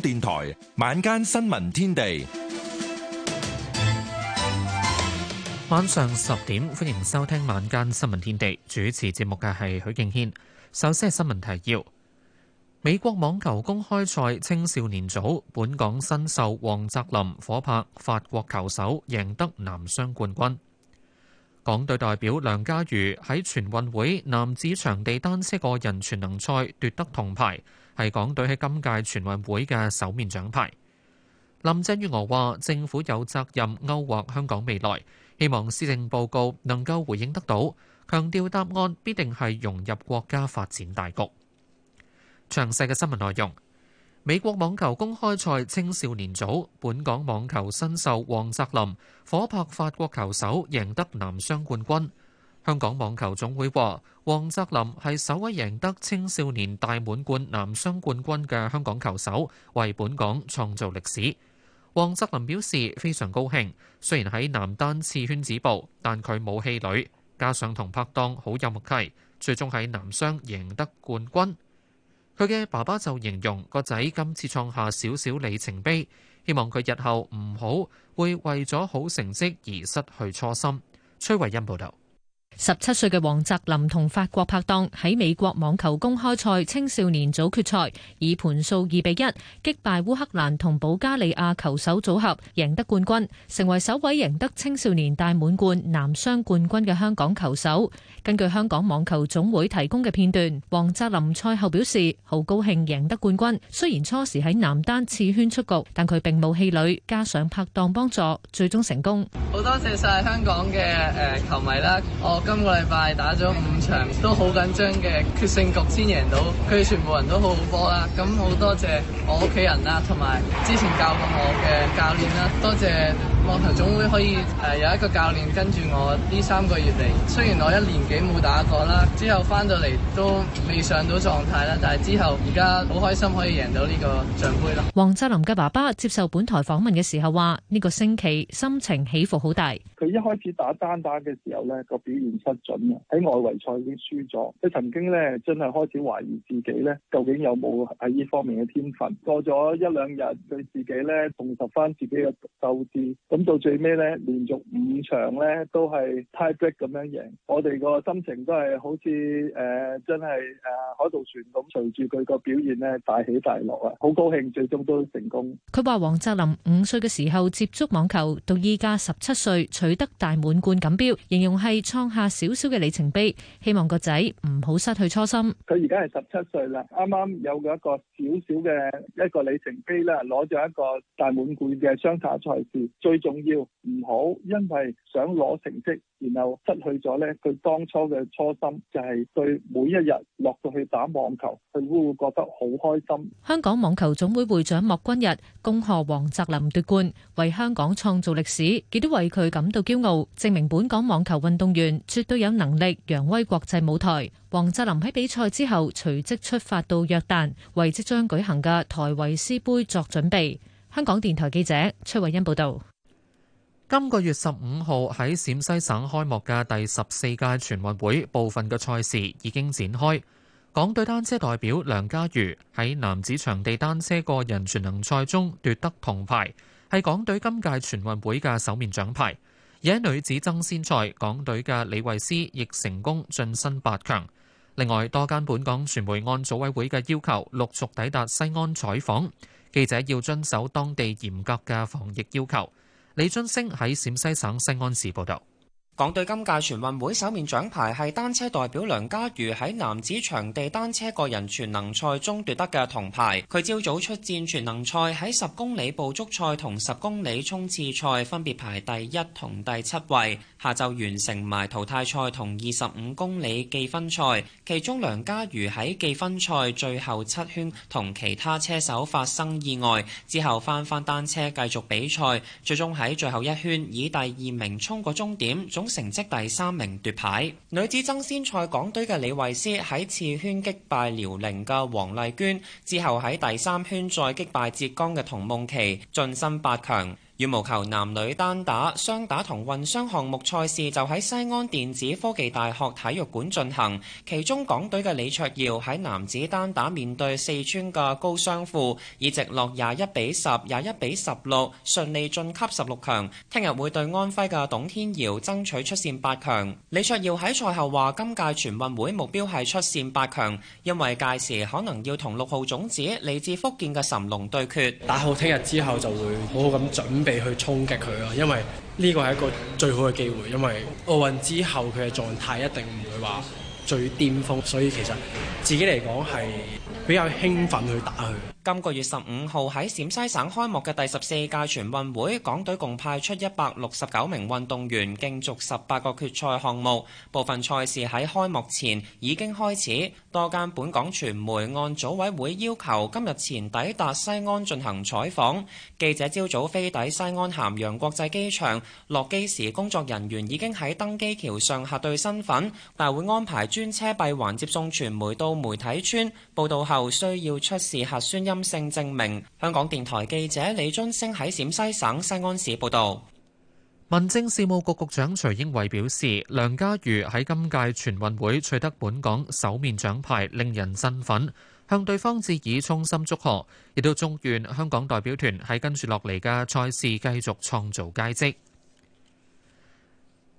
電台晚間新聞天地，晚上十點歡迎收聽晚間新聞天地。主持節目嘅係許敬軒。首先係新聞提要：美國網球公開賽青少年組，本港新秀王澤林夥拍法國球手，贏得男雙冠軍。港隊代表梁家瑜喺全運會男子場地單車個人全能賽奪得銅牌。係港隊喺今屆全運會嘅首面獎牌。林鄭月娥話：政府有責任勾劃香港未來，希望施政報告能夠回應得到，強調答案必定係融入國家發展大局。詳細嘅新聞內容，美國網球公開賽青少年組，本港網球新秀黃澤林夥拍法國球手，贏得男雙冠軍。香港網球總會話，王澤林係首位贏得青少年大滿貫男雙冠軍嘅香港球手，為本港創造歷史。王澤林表示非常高興，雖然喺男單次圈止步，但佢冇氣餒，加上同拍檔好有默契，最終喺男雙贏得冠軍。佢嘅爸爸就形容個仔今次創下少少里程碑，希望佢日後唔好會為咗好成績而失去初心。崔慧欣報道。十七歲嘅王澤林同法國拍檔喺美國網球公開賽青少年組決賽，以盤數二比一擊敗烏克蘭同保加利亞球手組合，贏得冠軍，成為首位贏得青少年大滿貫男雙冠軍嘅香港球手。根據香港網球總會提供嘅片段，王澤林賽後表示好高興贏得冠軍，雖然初時喺男單次圈出局，但佢並冇氣餒，加上拍檔幫助，最終成功。好多謝晒香港嘅誒、呃、球迷啦，我。今個禮拜打咗五場都好緊張嘅決勝局先贏到，佢哋全部人都好好波啦。咁好多謝我屋企人啦，同埋之前教過我嘅教練啦，多謝網球總會可以誒，有一個教練跟住我呢三個月嚟。雖然我一年幾冇打過啦，之後翻到嚟都未上到狀態啦，但係之後而家好開心可以贏到呢個獎盃啦。王澤林嘅爸爸接受本台訪問嘅時候話，呢個星期心情起伏好大。佢一開始打單打嘅時候呢個表現。失準啊！喺外圍賽已經輸咗，佢曾經咧真係開始懷疑自己咧，究竟有冇喺呢方面嘅天分？過咗一兩日，佢自己咧重拾翻自己嘅鬥志，咁到最尾咧連續五場咧都係 tie break 咁樣贏。我哋個心情都係好似誒真係誒海盜船咁，隨住佢個表現咧大起大落啊！好高興最終都成功。佢話王澤林五歲嘅時候接觸網球，到依家十七歲取得大滿貫錦標，形容係創下。小小嘅里程碑，希望個仔唔好失去初心。佢而家係十七歲啦，啱啱有咗一個小小嘅一個里程碑啦，攞咗一個大滿貫嘅雙打賽事。最重要唔好，因為想攞成績，然後失去咗咧佢當初嘅初心，就係對每一日落到去打網球，佢都會覺得好開心。香港網球總會會長莫君逸恭賀王澤林奪冠，為香港創造歷史，亦都為佢感到驕傲，證明本港網球運動員絕對有能力揚威國際舞台。黃澤林喺比賽之後隨即出發到約旦，為即將舉行嘅台維斯杯作準備。香港電台記者崔慧欣報道：今個月十五號喺陝西省開幕嘅第十四屆全運會，部分嘅賽事已經展開。港隊單車代表梁家瑜喺男子場地單車個人全能賽中奪得銅牌，係港隊今屆全運會嘅首面獎牌。野女子爭先賽，港隊嘅李慧詩亦成功晉身八強。另外，多間本港傳媒按組委會嘅要求陸續抵達西安採訪，記者要遵守當地嚴格嘅防疫要求。李俊升喺陝西省西安市報道。港隊今屆全運會首面獎牌係單車代表梁家瑜喺男子場地單車個人全能賽中奪得嘅銅牌。佢朝早出戰全能賽，喺十公里捕捉賽同十公里衝刺賽分別排第一同第七位。下晝完成埋淘汰賽同二十五公里記分賽，其中梁家瑜喺記分賽最後七圈同其他車手發生意外，之後翻翻單車繼續比賽，最終喺最後一圈以第二名衝過終點成績第三名奪牌。女子爭先賽，港隊嘅李慧詩喺次圈擊敗遼寧嘅黃麗娟之後喺第三圈再擊敗浙江嘅童夢琪，晉身八強。羽毛球男女單打、雙打同混雙項目賽事就喺西安電子科技大學體育館進行，其中港隊嘅李卓耀喺男子單打面對四川嘅高雙富，以直落廿一比十、廿一比十六，順利晉級十六強，聽日會對安徽嘅董天耀爭取出線八強。李卓耀喺賽後話今屆全運會目標係出線八強，因為屆時可能要同六號種子嚟自福建嘅諶龍對決，打好聽日之後就會好好咁準。被去衝擊佢咯，因為呢個係一個最好嘅機會，因為奧運之後，佢嘅狀態一定唔會話最巔峰，所以其實自己嚟講係比較興奮去打佢。今個月十五號喺陝西省開幕嘅第十四屆全運會，港隊共派出一百六十九名運動員競逐十八個決賽項目。部分賽事喺開幕前已經開始。多間本港傳媒按組委會要求，今日前抵達西安進行採訪。記者朝早飛抵西安咸陽國際機場，落機時工作人員已經喺登機橋上核對身份。大會安排專車閉環接送傳媒到媒體村。報到後需要出示核酸陰。身份證明。香港電台記者李津升喺陝西省西安市報道。民政事務局局長徐英偉表示，梁家瑜喺今屆全運會取得本港首面獎牌，令人振奮，向對方致以衷心祝賀，亦都祝願香港代表團喺跟住落嚟嘅賽事繼續創造佳績。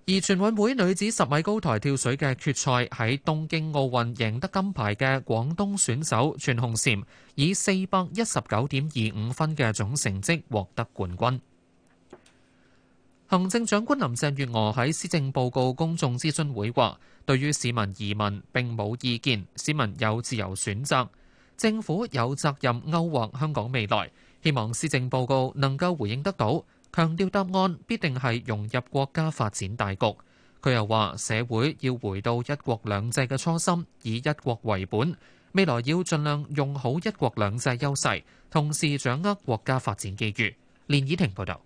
而全運會女子十米高台跳水嘅決賽，喺東京奧運贏得金牌嘅廣東選手全紅嬋，以四百一十九點二五分嘅總成績獲得冠軍。行政長官林鄭月娥喺施政報告公眾諮詢會話，對於市民移民並冇意見，市民有自由選擇，政府有責任勾畫香港未來，希望施政報告能夠回應得到。強調答案必定係融入國家發展大局。佢又話：社會要回到一國兩制嘅初心，以一國為本，未來要盡量用好一國兩制優勢，同時掌握國家發展機遇。連以婷報道。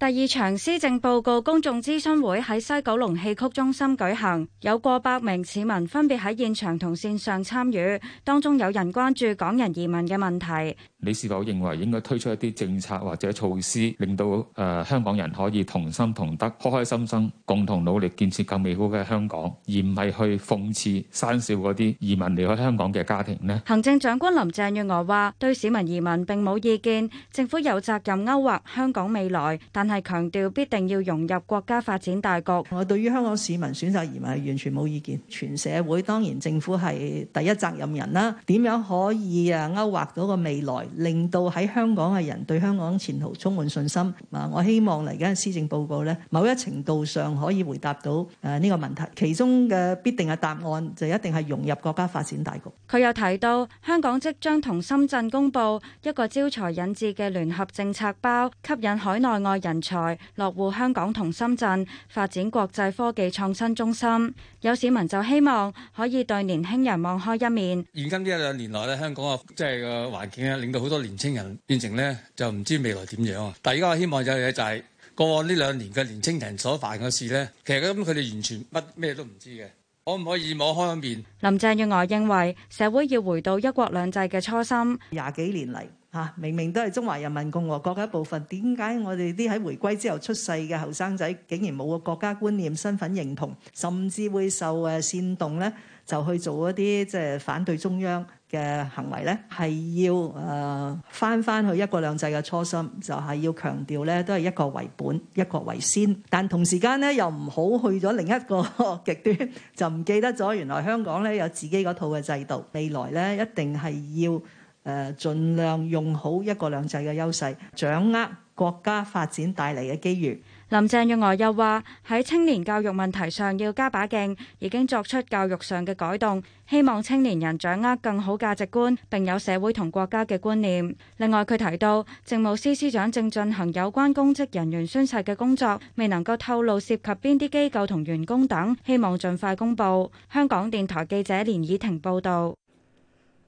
第二場施政報告公眾諮詢會喺西九龍戲曲中心舉行，有過百名市民分別喺現場同線上參與，當中有人關注港人移民嘅問題。你是否認為應該推出一啲政策或者措施，令到誒香港人可以同心同德、開開心心，共同努力建設更美好嘅香港，而唔係去諷刺、山少嗰啲移民離開香港嘅家庭呢？行政長官林鄭月娥話：對市民移民並冇意見，政府有責任勾畫香港未來，但係強調必定要融入國家發展大局。我對於香港市民選擇移民係完全冇意見，全社會，當然政府係第一責任人啦。點樣可以啊勾畫到個未來？令到喺香港嘅人對香港前途充滿信心。啊，我希望嚟緊施政報告咧，某一程度上可以回答到誒呢個問題，其中嘅必定嘅答案就一定係融入國家發展大局。佢又提到，香港即將同深圳公布一個招才引智嘅聯合政策包，吸引海內外人才落戶香港同深圳，發展國際科技創新中心。有市民就希望可以對年輕人網開一面。現今呢一兩年來咧，香港嘅即係個環境啊令到好多年青人變成咧，就唔知未來點樣啊！但係而家我希望有嘢就係過往呢兩年嘅年青人所犯嘅事咧，其實咁佢哋完全乜咩都唔知嘅，可唔可以摸開個面？林鄭月娥認為社會要回到一國兩制嘅初心。廿幾年嚟嚇，明明都係中華人民共和國嘅一部分，點解我哋啲喺回歸之後出世嘅後生仔竟然冇個國家觀念、身份認同，甚至會受誒煽動咧，就去做一啲即係反對中央嘅行為咧，係要誒返返去一國兩制嘅初心，就係、是、要強調咧，都係一國為本，一國為先。但同時間咧，又唔好去咗另一個極端，就唔記得咗原來香港咧有自己嗰套嘅制度。未來咧一定係要誒、呃、盡量用好一國兩制嘅優勢，掌握國家發展帶嚟嘅機遇。林鄭月娥又話：喺青年教育問題上要加把勁，已經作出教育上嘅改動，希望青年人掌握更好價值觀，並有社會同國家嘅觀念。另外，佢提到政務司司長正進行有關公職人員宣誓嘅工作，未能夠透露涉及邊啲機構同員工等，希望盡快公佈。香港電台記者連以婷報導。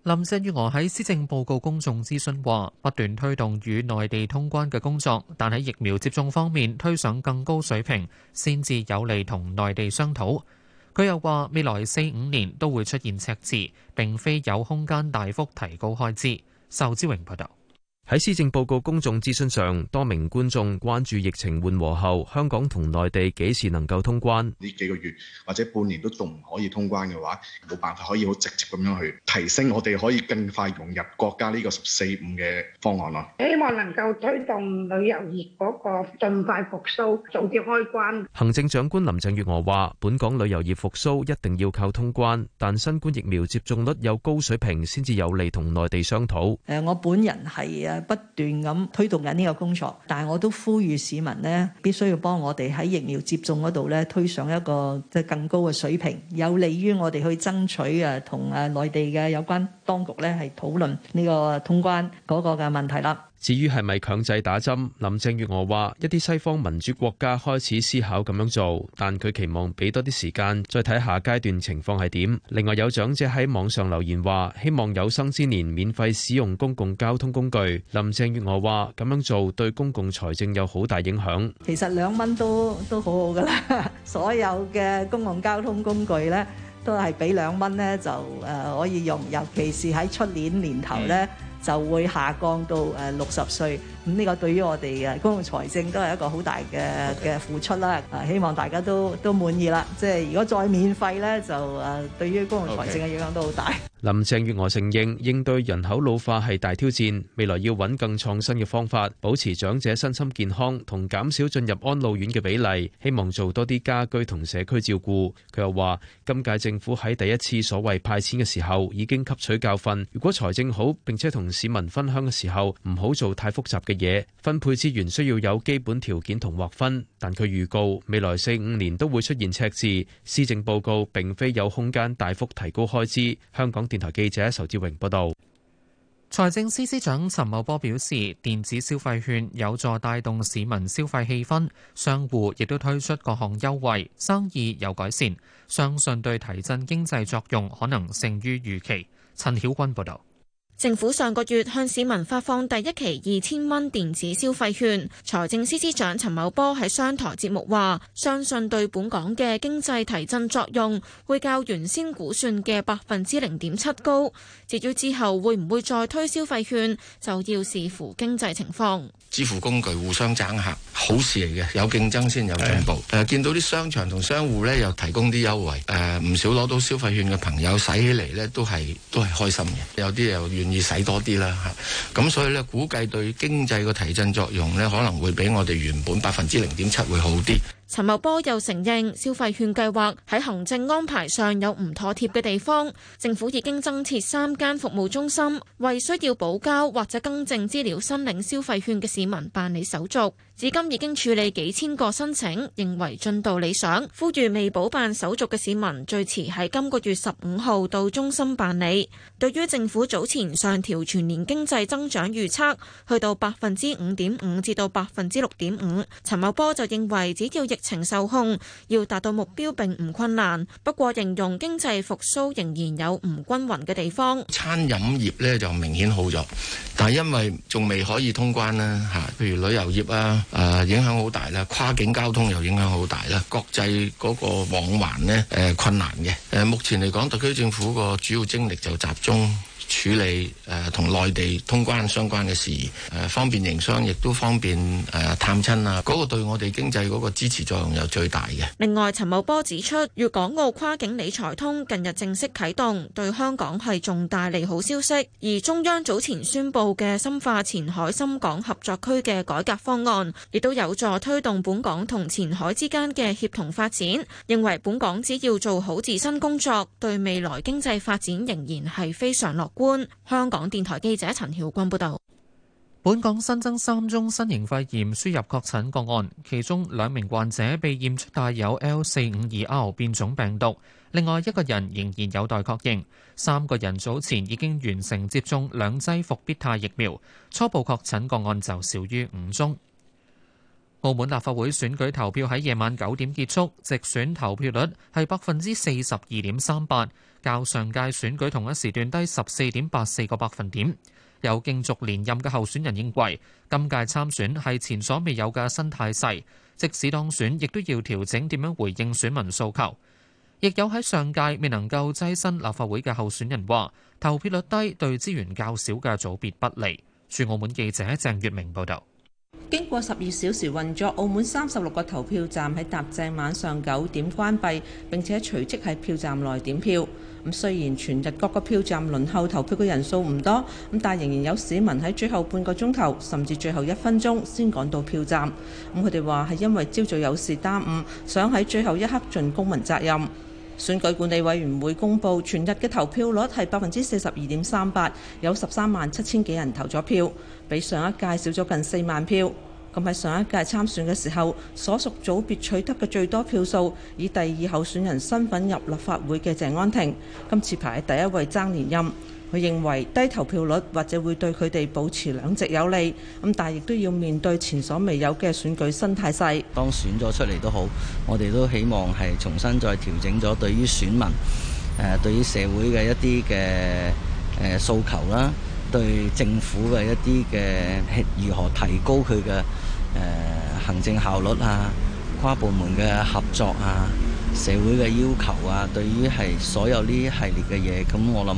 林鄭月娥喺施政報告公眾諮詢話，不斷推動與內地通關嘅工作，但喺疫苗接種方面推上更高水平，先至有利同內地商討。佢又話，未來四五年都會出現赤字，並非有空間大幅提高開支。仇志榮報道。喺施政報告公眾諮詢上，多名觀眾關注疫情緩和後，香港同內地幾時能夠通關？呢幾個月或者半年都仲唔可以通關嘅話，冇辦法可以好直接咁樣去提升我哋可以更快融入國家呢個十四五嘅方案咯。希望能夠推動旅遊業嗰個盡快復甦，早啲開關。行政長官林鄭月娥話：本港旅遊業復甦一定要靠通關，但新冠疫苗接種率有高水平先至有利同內地商討。誒，我本人係啊。不斷咁推動緊呢個工作，但係我都呼籲市民咧必須要幫我哋喺疫苗接種嗰度咧推上一個即係更高嘅水平，有利於我哋去爭取誒同誒內地嘅有關當局咧係討論呢個通關嗰個嘅問題啦。至於係咪強制打針？林鄭月娥話：一啲西方民主國家開始思考咁樣做，但佢期望俾多啲時間再睇下階段情況係點。另外有長者喺網上留言話：希望有生之年免費使用公共交通工具。林鄭月娥話：咁樣做對公共財政有好大影響。其實兩蚊都都好好噶啦， 所有嘅公共交通工具咧都係俾兩蚊咧就可以用，尤其是喺出年年頭咧，就會下降到誒六十歲，咁呢個對於我哋嘅公共財政都係一個好大嘅嘅付出啦。啊，Okay. 希望大家都都滿意啦。即係如果再免費咧，就誒對於公共財政嘅影響都好大。Okay. 林鄭月娥承認應對人口老化係大挑戰，未來要揾更創新嘅方法，保持長者身心健康，同減少進入安老院嘅比例。希望做多啲家居同社區照顧。佢又話：今屆政府喺第一次所謂派錢嘅時候已經吸取教訓，如果財政好，並且同市民分享嘅時候，唔好做太複雜嘅嘢，分配資源需要有基本條件同劃分。但佢預告未來四五年都會出現赤字。施政報告並非有空間大幅提高開支。香港電台記者仇志榮報道。財政司司長陳茂波表示，電子消費券有助帶動市民消費氣氛，商戶亦都推出各項優惠，生意有改善，相信對提振經濟作用可能勝於預期。陳曉君報導。政府上個月向市民發放第一期二千蚊電子消費券，財政司司長陳茂波喺商台節目話：相信對本港嘅經濟提振作用會較原先估算嘅百分之零點七高。至於之後會唔會再推消費券，就要視乎經濟情況。支付工具互相爭客，好事嚟嘅，有競爭先有進步。係嘅、呃、見到啲商場同商戶呢，又提供啲優惠，誒、呃，唔少攞到消費券嘅朋友使起嚟呢都係都係開心嘅。有啲又願。要使多啲啦，吓，咁所以咧，估計對經濟個提振作用咧，可能會比我哋原本百分之零點七會好啲。陳茂波又承認消費券計劃喺行政安排上有唔妥帖嘅地方，政府已經增設三間服務中心，為需要補交或者更正資料申領消費券嘅市民辦理手續。至今已經處理幾千個申請，認為進度理想，呼籲未補辦手續嘅市民最遲喺今個月十五號到中心辦理。對於政府早前上調全年經濟增長預測，去到百分之五點五至到百分之六點五，陳茂波就認為只要疫疫情受控，要達到目標並唔困難。不過，形容經濟復甦仍然有唔均勻嘅地方。餐飲業呢就明顯好咗，但係因為仲未可以通關啦嚇，譬如旅遊業啊，誒影響好大啦。跨境交通又影響好大啦。國際嗰個往還呢誒困難嘅誒，目前嚟講，特區政府個主要精力就集中，處理誒同內地通關相關嘅事宜，誒方便營商，亦都方便誒探親啊，嗰個對我哋經濟嗰個支持作用又最大嘅。另外，陳茂波指出，粵港澳跨境理財通近日正式啟動，對香港係重大利好消息。而中央早前宣布嘅深化前海深港合作區嘅改革方案，亦都有助推動本港同前海之間嘅協同發展。認為本港只要做好自身工作，對未來經濟發展仍然係非常樂。香港電台記者陳曉君報道，本港新增三宗新型肺炎輸入確診個案，其中兩名患者被驗出帶有 L 四五二 R 變種病毒，另外一個人仍然有待確認。三個人早前已經完成接種兩劑復必泰疫苗，初步確診個案就少於五宗。澳門立法會選舉投票喺夜晚九點結束，直選投票率係百分之四十二點三八。較上屆選舉同一時段低十四點八四個百分點。有競逐連任嘅候選人認為，今屆參選係前所未有嘅新態勢，即使當選亦都要調整點樣回應選民訴求。亦有喺上屆未能夠躋身立法會嘅候選人話，投票率低對資源較少嘅組別不利。駐澳門記者鄭月明報道。經過十二小時運作，澳門三十六個投票站喺搭正晚上九點關閉，並且隨即喺票站內點票。咁雖然全日各個票站輪候投票嘅人數唔多，咁但仍然有市民喺最後半個鐘頭，甚至最後一分鐘先趕到票站。咁佢哋話係因為朝早有事耽誤，想喺最後一刻盡公民責任。選舉管理委員會公布全日嘅投票率係百分之四十二點三八，有十三萬七千幾人投咗票，比上一屆少咗近四萬票。咁喺上一屆參選嘅時候，所屬組別取得嘅最多票數，以第二候選人身份入立法會嘅鄭安婷，今次排第一位爭連任。佢認為低投票率或者會對佢哋保持兩席有利，咁但係亦都要面對前所未有嘅選舉生態勢。當選咗出嚟都好，我哋都希望係重新再調整咗對於選民，對對於社會嘅一啲嘅訴求啦。對政府嘅一啲嘅如何提高佢嘅誒行政效率啊、跨部門嘅合作啊、社會嘅要求啊，對於係所有呢一系列嘅嘢，咁我諗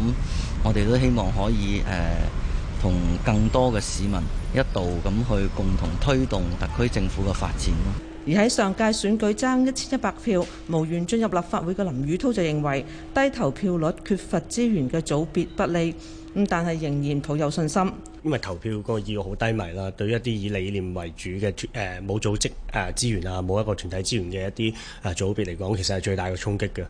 我哋都希望可以誒同更多嘅市民一道咁去共同推動特區政府嘅發展咯。而喺上屆選舉爭一千一百票無緣進入立法會嘅林宇滔就認為低投票率、缺乏資源嘅組別不利。咁但係仍然抱有信心，因為投票個意欲好低迷啦。對一啲以理念為主嘅誒冇組織誒資源啊，冇一個團體資源嘅一啲誒組別嚟講，其實係最大嘅衝擊嘅。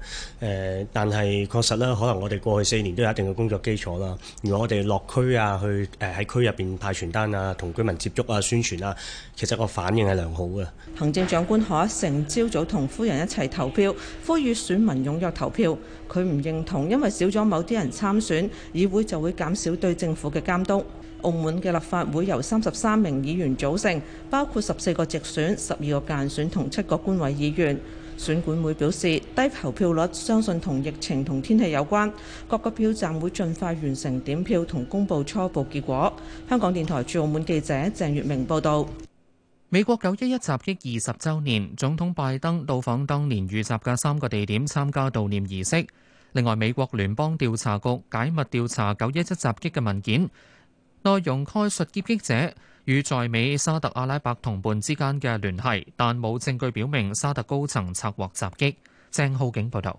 誒，但係確實啦，可能我哋過去四年都有一定嘅工作基礎啦。如果我哋落區啊，去誒喺區入邊派傳單啊，同居民接觸啊、宣傳啊，其實個反應係良好嘅。行政長官可一成朝早同夫人一齊投票，呼籲選民踴躍投票。佢唔認同，因為少咗某啲人參選，議會就會減少對政府嘅監督。澳門嘅立法會由三十三名議員組成，包括十四個直選、十二個間選同七個官委議員。選管會表示，低投票率相信同疫情同天氣有關。各個票站會盡快完成點票同公佈初步結果。香港電台駐澳門記者鄭月明報導。美國九一一襲擊二十週年，總統拜登到訪當年遇襲嘅三個地點，參加悼念儀式。另外，美國聯邦調查局解密調查九一一襲擊嘅文件，內容概述劫機者與在美沙特阿拉伯同伴之間嘅聯繫，但冇證據表明沙特高層策劃襲擊。鄭浩景報道。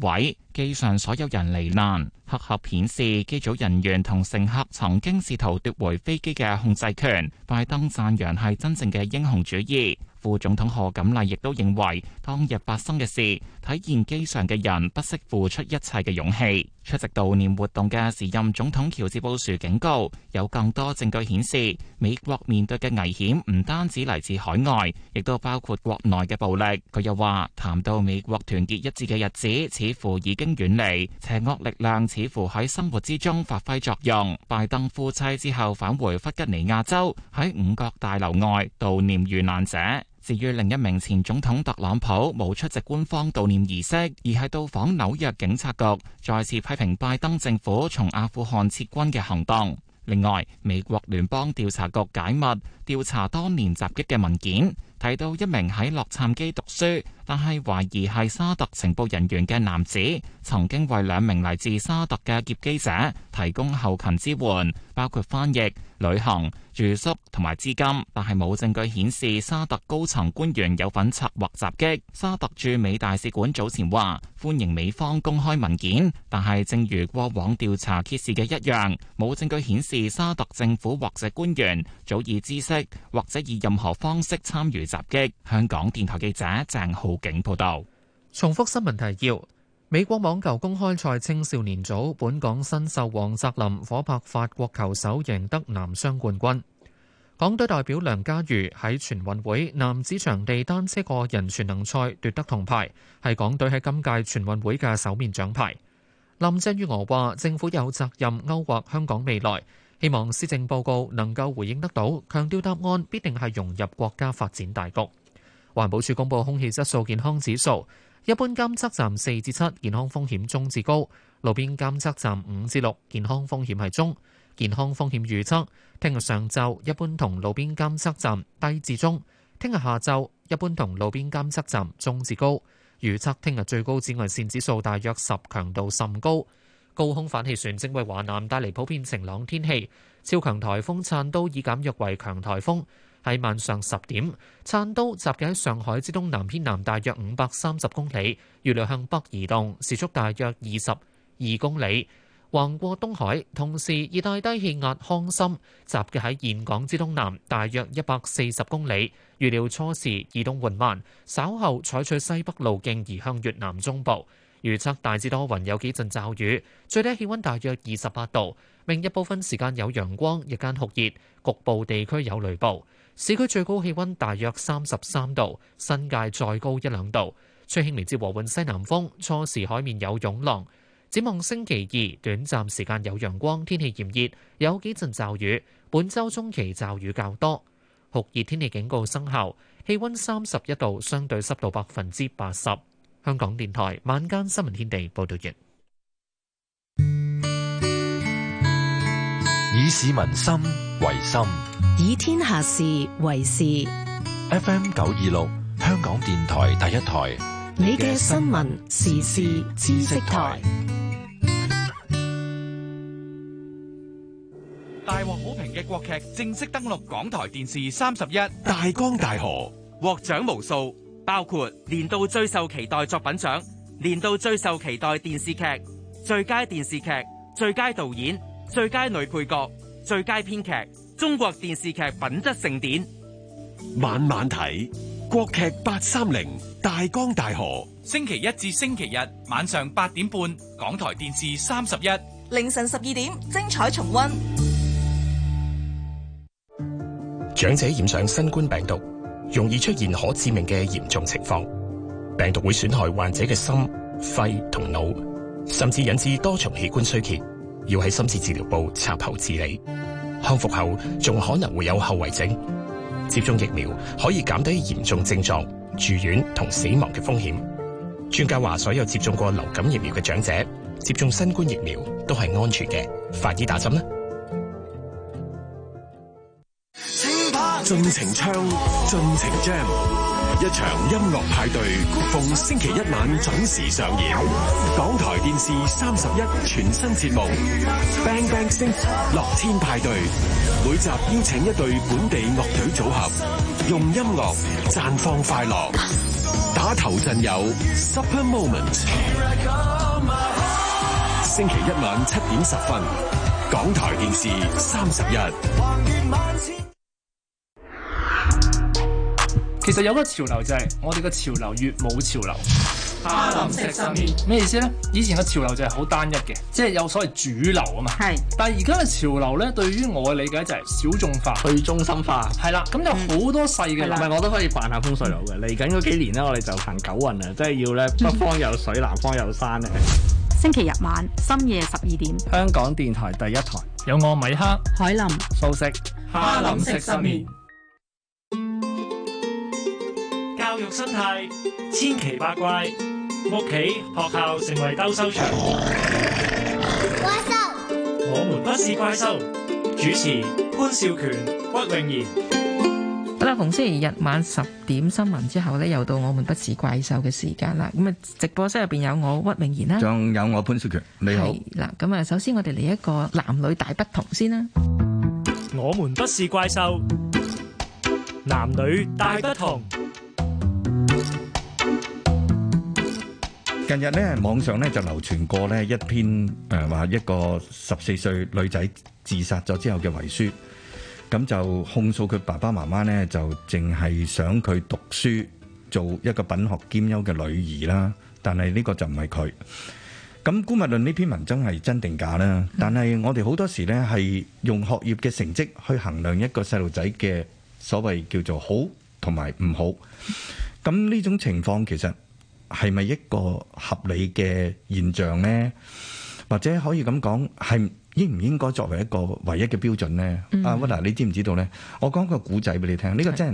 位機上所有人罹難。黑盒顯示機組人員同乘客曾經試圖奪回飛機嘅控制權。拜登讚揚係真正嘅英雄主義。副總統賀錦麗亦都認為當日發生嘅事，體現機上嘅人不惜付出一切嘅勇氣。出席悼念活動嘅時任總統喬治布殊警告，有更多證據顯示美國面對嘅危險唔單止嚟自海外，亦都包括國內嘅暴力。佢又話，談到美國團結一致嘅日子似乎已經遠離，邪惡力量似乎喺生活之中發揮作用。拜登夫妻之後返回弗吉尼亞州，喺五角大樓外悼念遇難者。至於另一名前總統特朗普冇出席官方悼念儀式，而係到訪紐約警察局，再次批評拜登政府從阿富汗撤軍嘅行動。另外，美國聯邦調查局解密調查當年襲擊嘅文件，提到一名喺洛杉磯讀書，但係懷疑係沙特情報人員嘅男子，曾經為兩名嚟自沙特嘅劫機者提供後勤支援，包括翻譯、旅行、住宿同埋資金。但係冇證據顯示沙特高層官員有份策劃襲擊。沙特駐美大使館早前話歡迎美方公開文件，但係正如過往調查揭示嘅一樣，冇證據顯示沙特政府或者官員早已知悉或者以任何方式參與襲擊。香港電台記者鄭浩。報警報道，重複新聞提要：美國網球公開賽青少年組，本港新秀黃澤林火拍法國球手，贏得男雙冠軍。港隊代表梁家瑜喺全運會男子場地單車個人全能賽奪得銅牌，係港隊喺今屆全運會嘅首面獎牌。林鄭月娥話：政府有責任勾畫香港未來，希望施政報告能夠回應得到，強調答案必定係融入國家發展大局。環保署公布空氣質素健康指數，一般監測站四至七，7, 健康風險中至高；路邊監測站五至六，6, 健康風險係中。健康風險預測：聽日上晝一般同路邊監測站低至中；聽日下晝一般同路邊監測站中至高。預測聽日最高紫外線指數大約十，強度甚高。高空反氣旋正為華南帶嚟普遍晴朗天氣。超強台風燦都已減弱為強台風。喺晚上十點，燦都集嘅喺上海之東南偏南大約五百三十公里，預料向北移動，時速大約二十二公里，橫過東海。同時，熱帶低氣壓康森集嘅喺現港之東南大約一百四十公里，預料初時移動緩慢，稍後採取西北路徑移向越南中部。預測大致多雲，有幾陣驟雨，最低氣温大約二十八度。明日部分時間有陽光，日間酷熱，局部地區有雷暴。市區最高氣溫大約三十三度，新界再高一兩度。吹輕微至和緩西南風，初時海面有湧浪。展望星期二短暫時間有陽光，天氣炎熱，有幾陣驟雨。本周中期驟雨較多。酷熱天氣警告生效，氣溫三十一度，相對濕度百分之八十。香港電台晚間新聞天地報道完。以市民心。為心以天下事為事。FM 九二六，香港電台第一台。你嘅新聞時事知識台。大獲好評嘅國劇正式登陸港台電視三十一大江大河，獲獎無數，包括年度最受期待作品獎、年度最受期待電視劇、最佳電視劇、最佳導演、最佳女配角。最佳編劇，中國電視劇品質盛典，慢慢睇國劇八三零大江大河，星期一至星期日晚上八點半，港台電視三十一，凌晨十二點精彩重溫。長者染上新冠病毒，容易出現可致命嘅嚴重情況，病毒會損害患者嘅心、肺同腦，甚至引致多重器官衰竭。要喺深切治療部插喉治理，康復後仲可能會有後遺症。接種疫苗可以減低嚴重症狀、住院同死亡嘅風險。專家話，所有接種過流感疫苗嘅長者接種新冠疫苗都係安全嘅。快啲打針啦。盡情唱，盡情 jam，一場音樂派對，逢星期一晚準時上演。港台電視三十一全新節目《Bang Bang 聲樂天派對》，每集邀請一對本地樂隊組合，用音樂綻放快樂。打頭陣有 Super Moment，星期一晚七點十分，港台電視三十一。其實有個潮流就係我哋個潮流越冇潮流。哈林食失眠咩意思呢？以前個潮流就係好單一嘅，即係有所謂主流啊嘛。係是。但係而家嘅潮流呢，對於我嘅理解就係小眾化、去 中心化。係 啦，咁有好多細嘅。唔係 啦我都可以扮下風水佬嘅。嚟緊嗰幾年呢，我哋就行九運啊，即係要呢：北方有水， 南方有山。星期日晚深夜十二點，香港電台第一台有我米克、海林、素食。哈林食失眠生態千奇百怪，屋企學校成為兜收場。怪獸，我們不是怪獸。主持潘少權、屈穎妍。好啦，逢星期日晚十點新聞之後咧，又到我們不是怪獸嘅時間啦。咁啊，直播室入邊有我屈穎妍啦，仲有我潘少權。你好。嗱，咁啊，首先我哋嚟一個男女大不同先啦。我們不是怪獸，男女大不同。近日咧，網上咧就流傳過呢一篇誒話一個十四歲女仔自殺咗之後嘅遺書，咁就控訴佢爸爸媽媽呢，就淨係想佢讀書做一個品學兼優嘅女兒啦，但係呢個就唔係佢。咁姑勿論呢篇文章係真定假呢？但係我哋好多時呢，係用學業嘅成績去衡量一個細路仔嘅所謂叫做好同埋唔好，咁呢種情況其實。係咪一個合理嘅現象咧？或者可以咁講，係應唔應該作為一個唯一嘅標準咧？嗯、啊 Walter 你知唔知道咧？我講個古仔俾你聽，呢、這個真係。